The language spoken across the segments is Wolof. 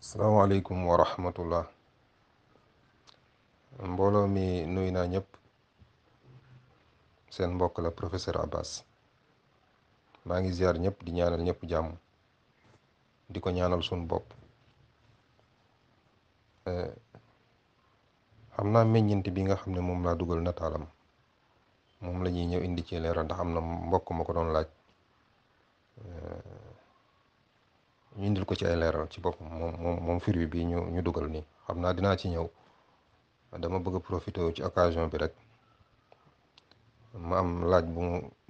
salaamaaleykum wa rahmatullah mbooloo mi nuyu naa ñëpp seen mbokk la professeur Abbas maa ngi ziar ñëpp di ñaanal ñépp jàmm di ko ñaanal suñu bopp eh, xam naa meññeent bi nga xam ne moom laa dugal nataalam moom lañuy ñëw indi ci leeral ndax am na mbokk ma ko doon laaj. Eh, ñu indil ko ci ay leeral ci boppam moom moom moom firi bi ñu ñu dugal nii xam naa dinaa ci ñëw dama bëgg a profité ci occasion bi rek ma am laaj bu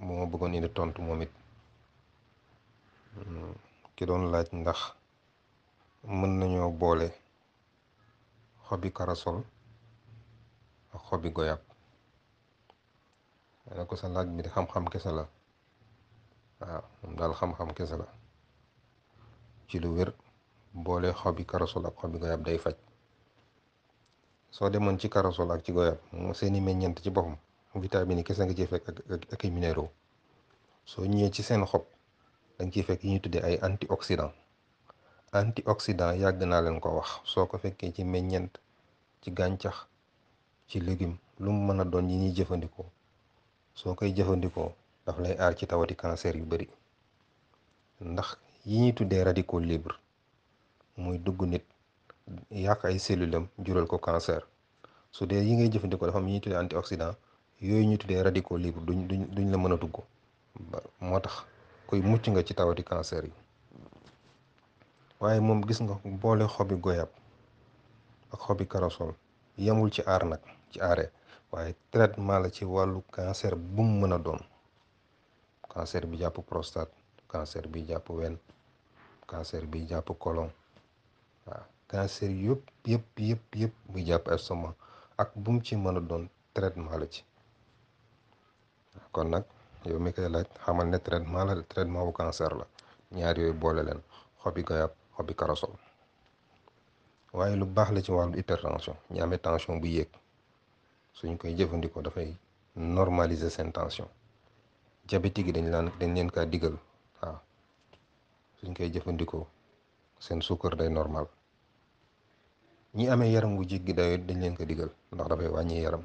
mu ma bëggoon indi tontu moom it hmm, ki doon laaj ndax mën nañoo boole xobi karasol ak xobi goyab ne ko sa laaj bi di xam-xam kese la waaw moom daal xam-xam kese la. ci lu wér boole xobi karasol ak xobi goyab day faj soo demoon ci karasol ak ci goyab moom seeni meññeent ci boppam vitamine yi kese nga ciy fekk ak ak ay minéraux soo ñëwee ci seen xob da nga ciy fekk yi ñuy tuddee ay antioxydant antioxydant yàgg naa leen ko wax soo ko fekkee ci meññeent ci gàncax ci légume lu mu mën a doon yi ñuy jëfandikoo soo koy jëfandikoo daf lay aar ci tawati cancer yu bari ndax yi ñuy tuddee radicaux libre mooy dugg nit yàq ay cellules am jural ko cancer su dee yi ngay jëfandikoo dafa am yi ñuy tuddee antioxydant yooyu ñu tuddee radicaux libres duñ duñ duñ la mën a dugg moo tax koy mucc nga ci tawati cancer yi waaye moom gis nga boole xobi goyab ak xobi karasol yemul ci aar nag ci aare waaye traitement la ci wàllu cancer bu mu mën a doon cancer bi jàpp prostate cancer bi jàpp wenn cancer bi jàpp colon waaw cancer yëpp yëpp yëpp yëpp muy jàpp estomac ak bu mu ci mën a doon traitement la ci kon nag yow mi koy laaj xamal ne traitement la traitement bu cancer la ñaar yooyu boole leen xobi goyab xobi karasol waaye lu baax la ci wàllu hypertension ñi amee tension bu yéeg suñ koy jëfandikoo dafay normaliser seen tension diabétique yi dañ laan dañ leen kaa digal suñ koy jëfandikoo seen suukar day normal ñi amee yaram wu jéggi dayoo dañ leen ko diggal ndax dafay wàññi yaram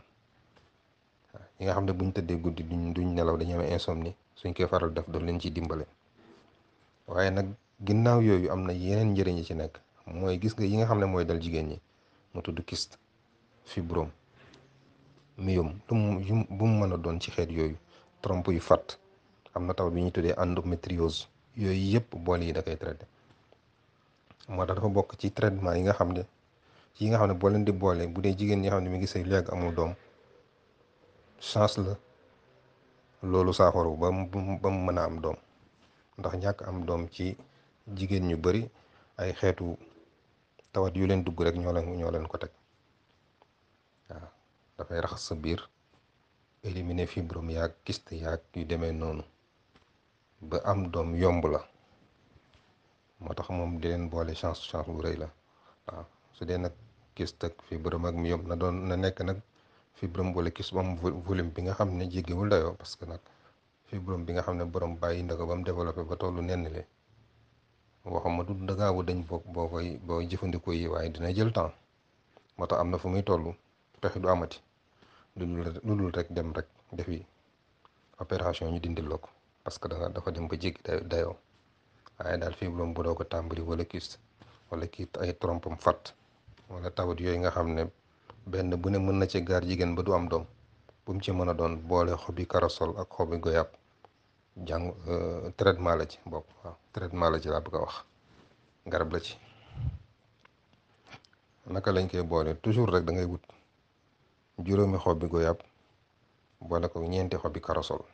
waaw ñi nga xam ne buñ tëddee guddi duñ duñ nelaw dañuy amee insomnie suñ koy faral def daf leen ci dimbale waaye nag ginnaaw yooyu am na yeneen njëriñ yi ci nekk mooy gis nga yi nga xam ne mooy dal jigéen ñi mu tudd kyste fibrome myome lu mu bu mu mën a doon ci xeet yooyu trompe yu fàtt am na taw bi ñuy tuddee endométriose yooyu yëpp bool yi da koy traité moo tax dafa bokk ci traitement yi nga xam ne ci yi nga xam ne boo leen di boole bu dee jigéen ñi xam ne mi ngi sëy léegi amul doom chance la loolu saafara ba mu ba mën a am doom ndax ñàkk am doom ci jigéen ñu bari ay xeetu tawat yu leen dugg rek ñoo leen ñoo leen ko teg dafay raxas sa biir éliminer fibrome yaag kyste yaag yu demee noonu. ba am doom yomb la moo tax moom di leen boole chance bu rëy la waaw su dee nag kis teg fibrome ak myome na doon na nekk nag fibrome wala kis bu am volume bi nga xam ne jéggiwul dayoo parce que nag fibrome bi nga xam ne borom bàyyi na ko ba mu développé ba tollu nenn li waxuma du dagaawu dañ bokk boo koy boo jëfandikoo yi waaye dina jël temps moo tax am na fu muy toll pexe du amati lu dul rek dem rek defi opération ñu dindil la ko parce que dafa dafa dem ba jéggi dayoo waaye daal fii bu doo ko tàmbali wala kyste wala kii ay trompe am fat wala tawat yooyu nga xam ne benn bu ne mën na ci gaar jigéen ba du am doom bu mu ci mën a doon boole xobi karasol ak xobi goyab jàng euh, traitement la ci bopp waaw traitement la ci laa bëgg wax garab la ci naka lañ koy boole toujours rek da ngay wut juróomi xobi goyab boole ko ñeenti xobi karasol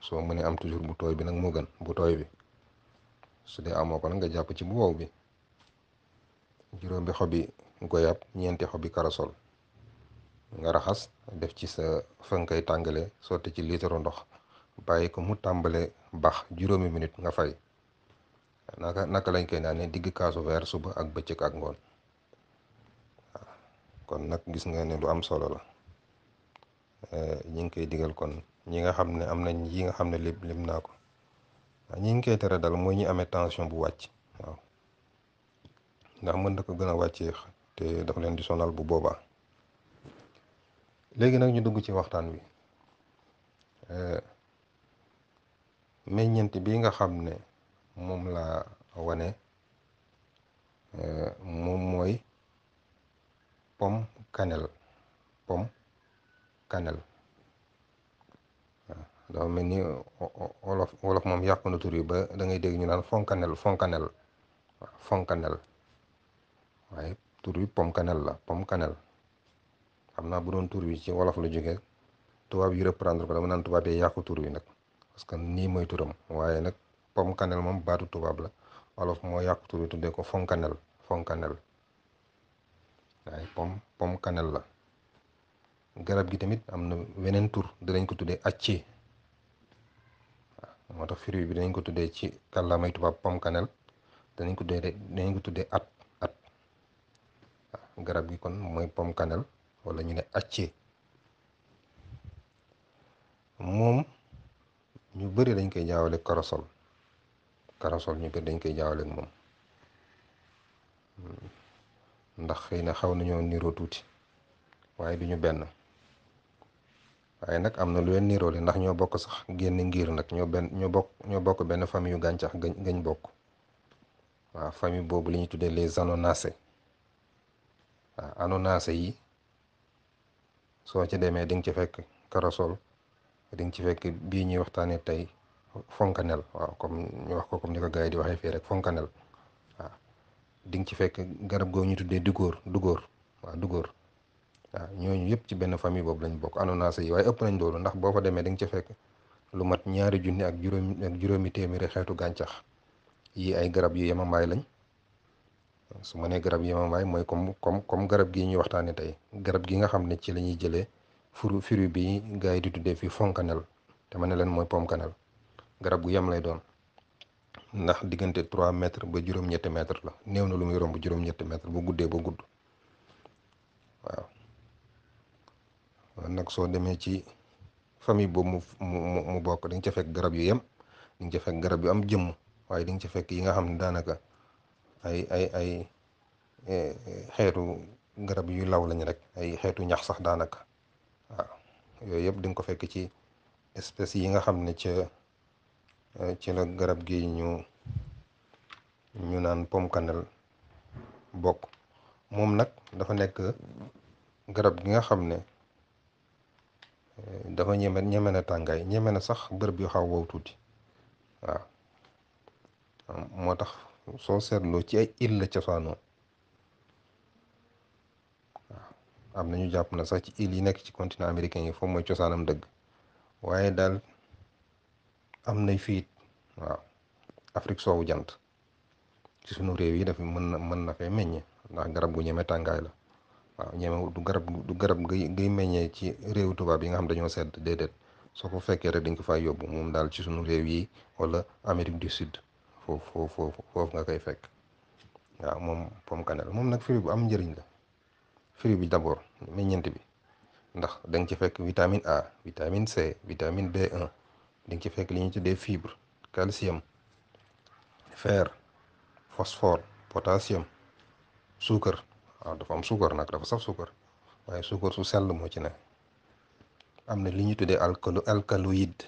soo mënee am toujours bu tooy bi nag moo gën bu tooy bi su dee amoo ko nag nga jàpp ci bu wow bi juróomi xobi goyab ñeenti xobi karasol nga raxas def ci sa fa koy tàngale sotti ci liitaru ndox bàyyi ko mu tàmbale bax juróomi minute nga fay naka naka lañ koy naanee digg kaasu verre suba ak bëccëg ak ngoon kon nag gis nga ne lu am solo la ñu ngi koy digal kon ñi nga xam ne am nañ yi nga xam ne lépp lim naa ko waaw ñi ngi koy tere dal mooy ñi amee tension bu wàcc ndax mën na ko gën a wàccee te daf leen di sonal bu boobaa léegi nag ñu dugg ci waxtaan wi eh, meññeent bi nga xam ne moom laa wane eh, moom mooy pomme cannelle pomme cannelle dafa mel ni wolof wolof moom yàq na tur yi ba dangay dégg ñu naan fonkanel fonkanel waaw fonkanel waaye tur yi pomkanel la pomkanel xam naa bu doon tur yi ci wolof la jógee tubaab yi reprendre ko dama naan tubaab yàqu tur yi nag parce que nii mooy turam waaye nag pomkanel moom baatu tubaab la wolof moo yàqu tur yi tuddee ko fonkanel fonkanel waaye pom pomkanel la garab gi tamit am na weneen tour dinañ ko tuddee acce moo tax fruit bi dañ ko tuddee ci kàllaamay tubaab pomme cannelle danañ ko tuddee danañ ko tuddee at at garab gi kon mooy pomme walla ñu ne acce moom ñu bëri dañ koy jaawale karasol karasol ñu bëri dañ koy jaawale ak moom hmm. ndax xëy na xaw nañoo niroo tuuti waaye du ñu benn waaye nag am na lu leen niiroole ndax ñoo bokk sax génn ngir nag ñoo benn ñoo bokk ñoo bokk benn famille yu gàncax gañ gañ bokk waaw famille boobu li ñu tuddee les anonacées waaw anonacées yi soo ci demee di nga ci fekk corossol di nga ci fekk bii ñuy waxtaanee tey fonkanel waaw comme ñu wax ko comme ni ko gars yi di waxee fii rek fonkanel waaw di ci fekk garab goo ñu tuddee dugóor dugóor waaw dugóor waaw ñooñu yëpp ci benn famille boobu lañ bokk annoncé yi waaye ëpp nañ loolu ndax boo fa demee da ci fekk lu mat ñaari junni ak juróomi ak juróomi téeméeri xeetu gàncax yi ay garab yu mbaay lañ su ma nee garab yu yemambaay mooy comme comme comme garab gi ñuy waxtaanee tey garab gi nga xam ne ci la ñuy jëlee furu furu bi gars yi di tuddee fi fonkanel te ma ne leen mooy pomkanel garab gu yem lay doon ndax diggante trois mètres ba juróom-ñetti mètre la néew na lu muy romb juróom-ñetti mètre bu guddee ba gudd waaw nag soo demee ci famille boobu mu mu mu bokk di nga fekk garab yu yem di nga ca fekk yu am jëmm waaye di nga fekk yi nga xam ne daanaka ay ay ay eh, eh, xeetu garab yu law lañ rek ay xeetu ñax sax daanaka waaw yooyu yëpp di ko fekk ci espèces yi nga xam ne ca eh, ci la garab gi ñu ñu naan pomme bokk moom nag dafa nekk garab gi nga xam ne. dafa ñeme ñeme na tàngaay ñeme na sax bërëb yu xaw wow tuuti waaw moo tax soo seetloo ci ay île la cosaanoo am na ñu jàpp na sax ci île yi nekk ci continent américain yi foofu mooy cosaanam dëgg waaye daal am nay fiit waaw Afrique soowu jant ci sunu réew dafa mën na mën na fee meññ ndax garab gu ñeme tàngaay la. waaw ñemewu du garab du garab ngay ngay meññee ci réewu tubaab yi nga xam dañoo sedd déedéet soo ko fekkee rek dañ ko faa yóbbu moom daal ci suñu réew yi wala Amérique du Sud foofu foofu foofu nga koy fekk waaw moom pomme moom nag fruit bu am njëriñ la fruit bi d'abord meññeent bi ndax da ci fekk vitamine A vitamine C vitamine B1 da fekk li ñu tuddee fibre calcium fer phosphore waaw ah, dafa am suukar nag dafa saf suukar waaye suukar su sell moo ci ne am na li ñu tuddee alcalo alcaloïde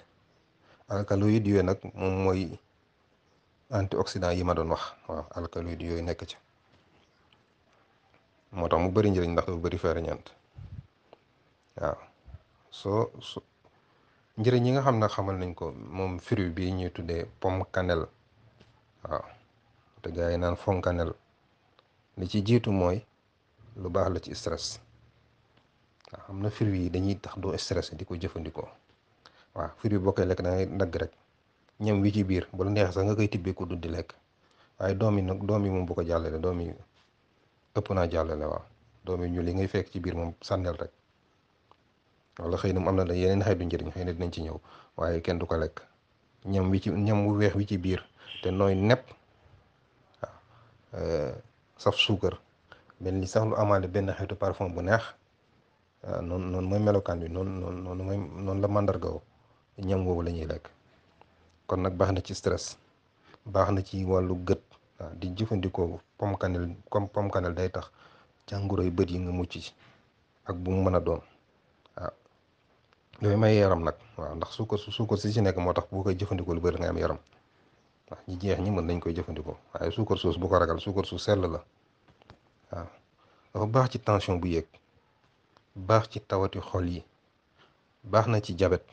alcaloïde yooyu nag moom mooy antioxydant yi ma doon wax waaw yooyu nekk ci moo tax mu bari njëriñ ndax dafa bëri ferñeent waaw so njëriñ nga xam ne xamal nañ ko moom fruit bi ñuy tuddee pom cannelle waaw te gars yi naan fonkanel li ci jiitu mooy lu baax la ci stress am na fruits yi dañuy tax doo stressé di ko jëfandikoo waaw fruits yi boo koy lekk da ngay dagg rek ñam wi ci biir bu la neexee sax nga koy tibbee ko duddi lekk waaye doom yi nag doom yi moom bu ko jàllale doom yi ëpp naa jàllale waaw doom yi ñu li ngay fekk ci biir moom sànnel rek wala xëy na mu am na yeneen xeetu njëriñ xëy na nañ ci ñëw waaye kenn du ko lekk ñam wi ci ñam wu weex wi ci biir te nooy nepp euh, saf suukar. benn ni sax lu amaale benn xeetu parfum bu neex ah, noonu noonu mooy melokaan bi noonu noonu noonu mooy noonu la màndargawoo ñam woowu la ñuy kon nag baax na ci stress baax na ci wàllu gët ah, di jëfandikoo pomme cannelle comme day tax jàngoroy bët yi nga mucc ci ak bu mu mën a doon waaw ah. yooyu may yaram nag waaw ndax suukar su suukar si ci nekk moo tax boo jëfandikoo lu bëri nga am yaram waaw ñi jeex ñi mën nañ koy jëfandikoo waaye suukar suus bu ko ragal suukar su sell la waaw dafa baax ci tension bu yéeg baax ci tawati xol yi baax na ci jabet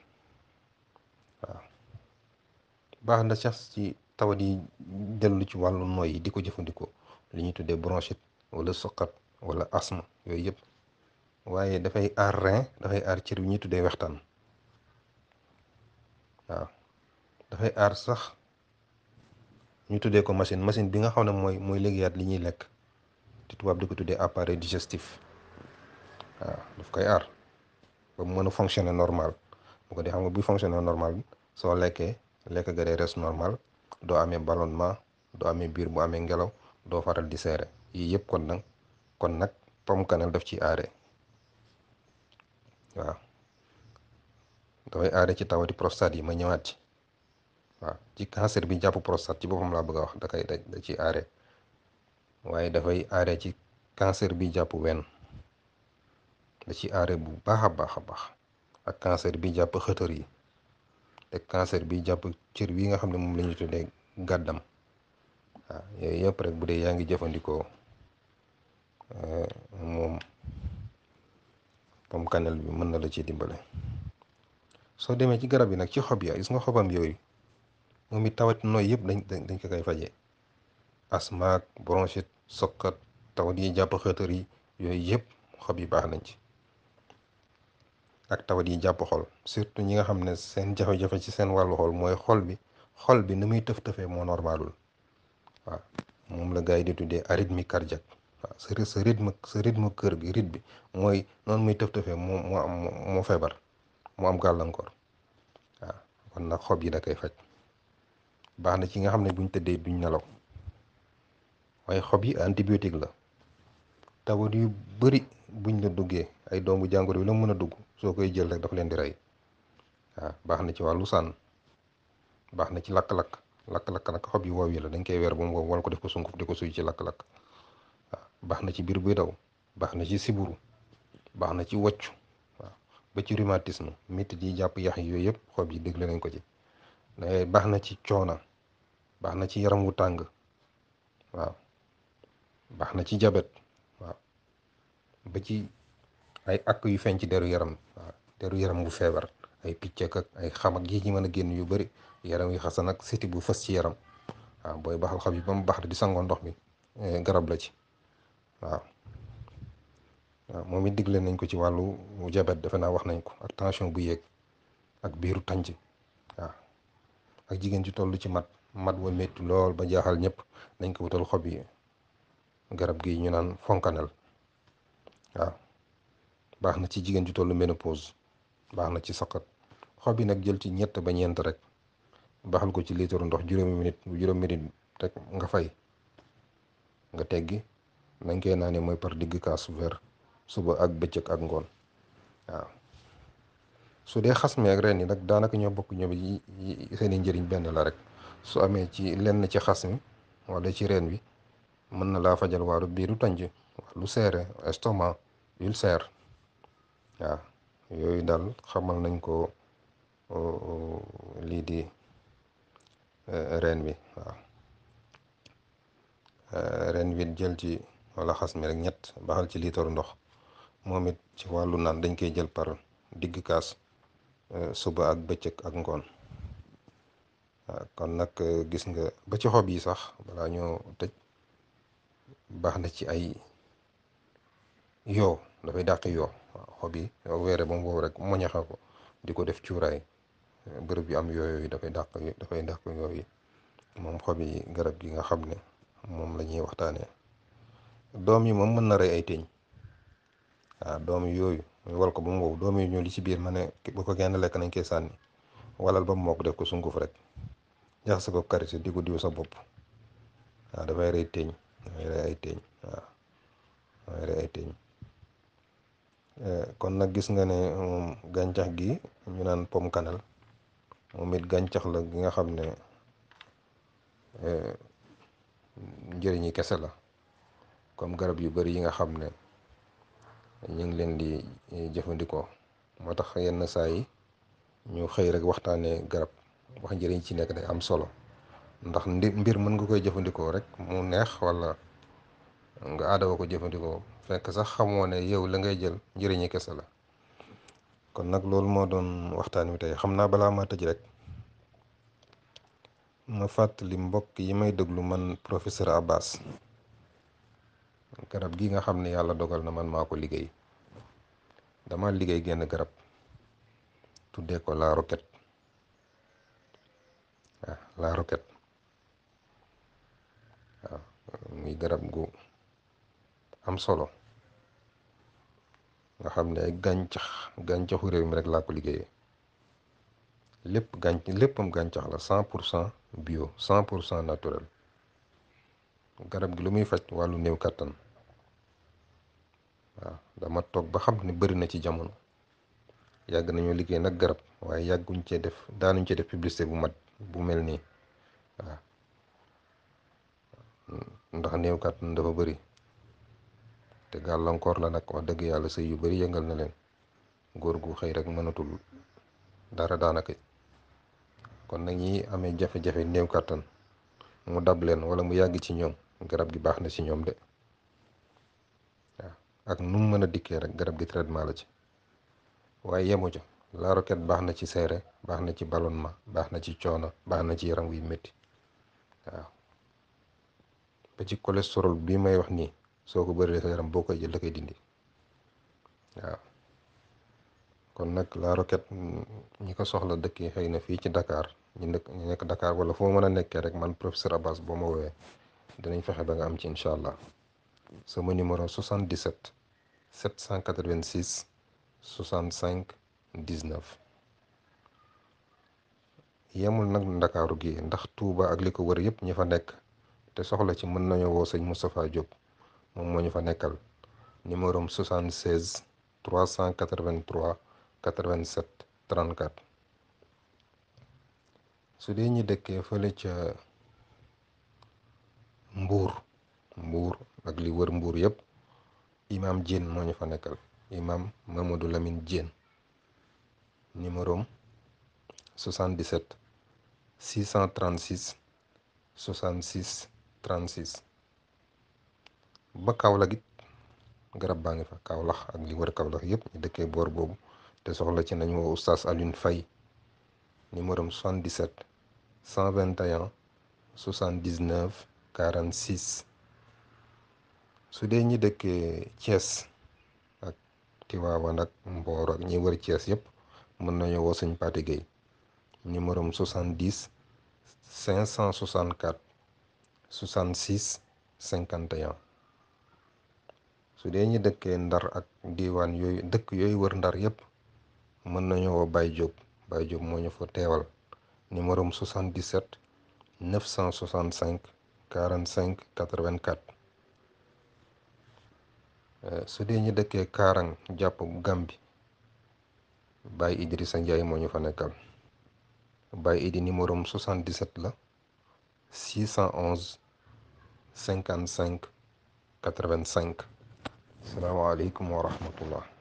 waaw baax na sax ci tawat yi dellu ci wàllu nooy yi di ko jëfandikoo li ñuy tuddee bronchite walla soqat wala asthme yooyu yëpp waaye dafay aar rein dafay aar cër bi ñuy tuddee wextaan waaw dafay aar sax ñu tuddee ko machine machine bi nga xam ne mooy mooy liggéeyaat li ñuy lekk te tubaab di ko tuddee appareil digestif waaw daf koy aar ba mu mën a fonctionner normal bu ko dee xam nga buy fonctionner normal soo lekkee lekk ga day res normal doo amee ballonnement doo amee biir bu amee ngelaw doo faral di seere yii yëpp kon nag kon nag pomme cannelle daf ci aare waaw dafay aare ci tawati prostate yi ma ñëwaat ci waaw ci cancer bi jàpp prostate ci boppam laa bëgg a wax da koy da ci aare waaye dafay aare ci cancer bi jàpp wenn da ci aare bu baax a baax a baax ak cancer bi jàpp xëtër yi te cancer bi jàpp cër bi nga xam ne moom la ñu tuddee gàddam yooyu yëpp rek bu dee yaa ngi jëfandikoo eh, moom pomme bi mën na la ci dimbale soo demee ci garab yi nag ci xob ya gis nga xobam yooyu moom it tawat nooy yëpp dañ dañ ko koy fajee asthme ak sokkat tawat yi jàpp xëtër yi yooyu yëpp xob yi baax nañ ci ak tawat yi jàpp xol surtout ñi nga xam ne seen jafe-jafe ci seen wàllu xol mooy xol bi xol bi ni muy tëf-tëfee moo normalul waaw moom la gaa yi di tuddee arythmie cardiaque waaw sa sa rythme sa rythme kër gi rit bi mooy noonu muy tëf-tëfee moo moo am moo feebar moo am gàllankoor waaw kon nag xob yi da koy faj baax na ci nga xam ne buñ tëddee duñ nelaw waaye xob yi antibiotique la tawat yu bari buñ la duggee ay doomu jàngoro yi la mën a dugg soo koy jël rek dafa leen di rey waaw baax na ci wàllu sànn baax na ci lakk-lakk lakk-lakk nag xob yu wow yi la dañ koy weer ba mu wow wal sunguf di ko suy ci lakk baax na ci biir buy daw baax na ci siburu baax na ci wocc waaw ba ci rhumatisme métti yi jàpp yax yi yooyu yëpp xob yi déglu nañ ko ci eh, baax na ci coona baax na ci yaram wu tàng waaw baax na ci jabet waaw ba ci ay akk yu feeñ ci deru yaram waaw deru yaram bu feebar ay picc ak ay xam ak yi ñu mën a génn yu bari yaram yu xasan ak siti bu fas ci yaram waaw booy baxal xob yi ba mu baax di sangoo ndox mi eh, garab la ci waaw waaw moom it digle nañ ko ci wàllu jabet defe naa wax nañ ko ak tension bu yéeg ak biiru tànc waaw ak jigéen ci toll ci mat mat wa metti lool ba jaaxal ñépp nañ ko wutal xob yi garab gi ñu naan fonkanel waaw baax na ci jigéen ju tollu ménopause baax na ci saqat xob yi nag jël ci ñett ba ñeent rek baaxal ko ci litre ndox juróomi minute juróomi minute rek nga fay nga teggi nañ naa naanee mooy par digg kaas verre suba ak bëccëg ak ngoon waaw su dee xas mi ak reen yi nag daanaka ñoo bokk ñoom seeni njëriñ benn la rek su amee ci lenn ci xas mi wala ci reen bi mën na laa fajal waaru biiru tànj lu seere estomac ulcère waaw yooyu daal xamal nañ ko lii di eh, reen bi waaw eh, reen bi jël ci wala xas mi rek ñett baxal ci liitaru ndox moom it ci wàllu naan dañ koy jël par digg kaas eh, suba ak bëccëg ak ngoon kon nag gis nga ba ci xob yi sax balaa ñoo tëj baax na ci ay yoo dafay dàq yoo xobi yi weere ba mu rek moñaxa ko di ko def cuuraay bërëb yu am yooyu yi dafay dàq dafay dàq yooyu moom xob yi garab gi nga xam ne moom la ñuy waxtaanee doom yi moom mën na rey ay teñ waaw doom yi yooyu wal ko ba mu wow doom yi ñoo li ci biir ma ne bu ko genn lekk nañ koy sànni walal ba mu mokk def ko sunguf rek jaxase ko karité di ko diw sa bopp waaw dafay rey teñ ñoo yore ay teeñ waaw eh, kon nag gis nga ne moom gàncax gi ñu naan pomme cannelle moom it gàncax la gi nga xam ne eh, njëriñi kese la comme garab yu bari yi nga xam ne ñu ngi leen di eh, jëfandikoo moo tax yenn saa yi ñu xëy rek waxtaanee garab wax njëriñ ci nekk day am solo. ndax ndi mbir mën nga koy jëfandikoo rek mu neex wala nga aadawa ko jëfandikoo fekk sax xamoo ne yow la ngay jël njëriñi kese la kon nag loolu moo doon waxtaan wi tey xam naa balaa ma tëj rek ma fàttali mbokk yi may déglu man professeur Abbas garab gi nga xam ne yàlla dogal na man maa ko liggéey dama liggéey genn garab tuddee ko la roquette waaw la roquette waaw muy garab gu am solo nga xam ne ay gàncax gàncaxu réew mi rek laa ko liggéeyee lépp gànc léppam gàncax la cent pour cent bio cent pour cent naturel garab gi lu muy faj wàllu néew kàttan waaw dama toog ba xam ni bëri na ci jamono yàgg nañoo liggéey nag garab waaye yàgguñ cee def daanuñ cee def publicité bu mat bu mel nii waaw ndax néew kàttan dafa bari te gàllankoor la nag wax dëgg yàlla sëy yu bari yëngal na leen góor gu xëy rek mënatul dara daanaka kon nag ñi amee jafe-jafe néew kàttan mu dab leen wala mu yàgg ci ñoom garab gi baax na ci ñoom de waaw ak nu mën a dikkee rek garab gi traitement la ci waaye yemu ca la baax na ci seere baax na ci ballonnement baax na ci coono baax na ci yaram wuy metti waaw ba ci cholestérol bii may wax nii soo ko bëree sa yaram boo koy jël da koy dindi waaw kon nag la roquette ñi ko soxla dëkk yi xëy na fii ci dakaar ñu nekk ñu nekk Dakar wala foo mën a nekkee rek man professeur Abbas boo ma woowee danañ fexe ba nga am ci incha allah sama numéro 77 786 65 19 yemul nag Ndakaaru gi ndax Touba ak li ko wër yëpp ñi fa nekk. te soxla ci mën nañoo woo sëñ Moustapha Diop moom moo ñu fa nekkal numéro am 76 383 87 34. su dee ñi dëkkee fële ca Mbour Mbour ak li wër Mbour yëpp imam Diène mooñu fa nekkal imam Mamadou Lamine Diène numéro am 77 636 66 36 ba Kaolack garab baa ngi fa kawlax ak li wër Kaolack yëpp ñu dëkkee boor boobu te soxla ci nañu woo oustaz Alioune Faye numéro 77 121 79 46 su dee ñi dëkkee Thiès ak Tivaouane ak ak ñi wër Thiès yëpp mën nañu woo sëñ Paté Gueye numéro 70 66 51 su dee ñi dëkkee ndar ak diiwaan yooyu dëkk yooyu wër ndar yépp mën nañu woo Baye Diop Baye Diop moo ñu fa teewal numéro 77 965 45 84 su dee ñu dëkkee Kaarang jàpp Gambi Baye Idrissa Ndiaye moo ñu fa nekkal Baye Idi numéro 77 la 611 55 85 salaamaaleykum wa rahmatullah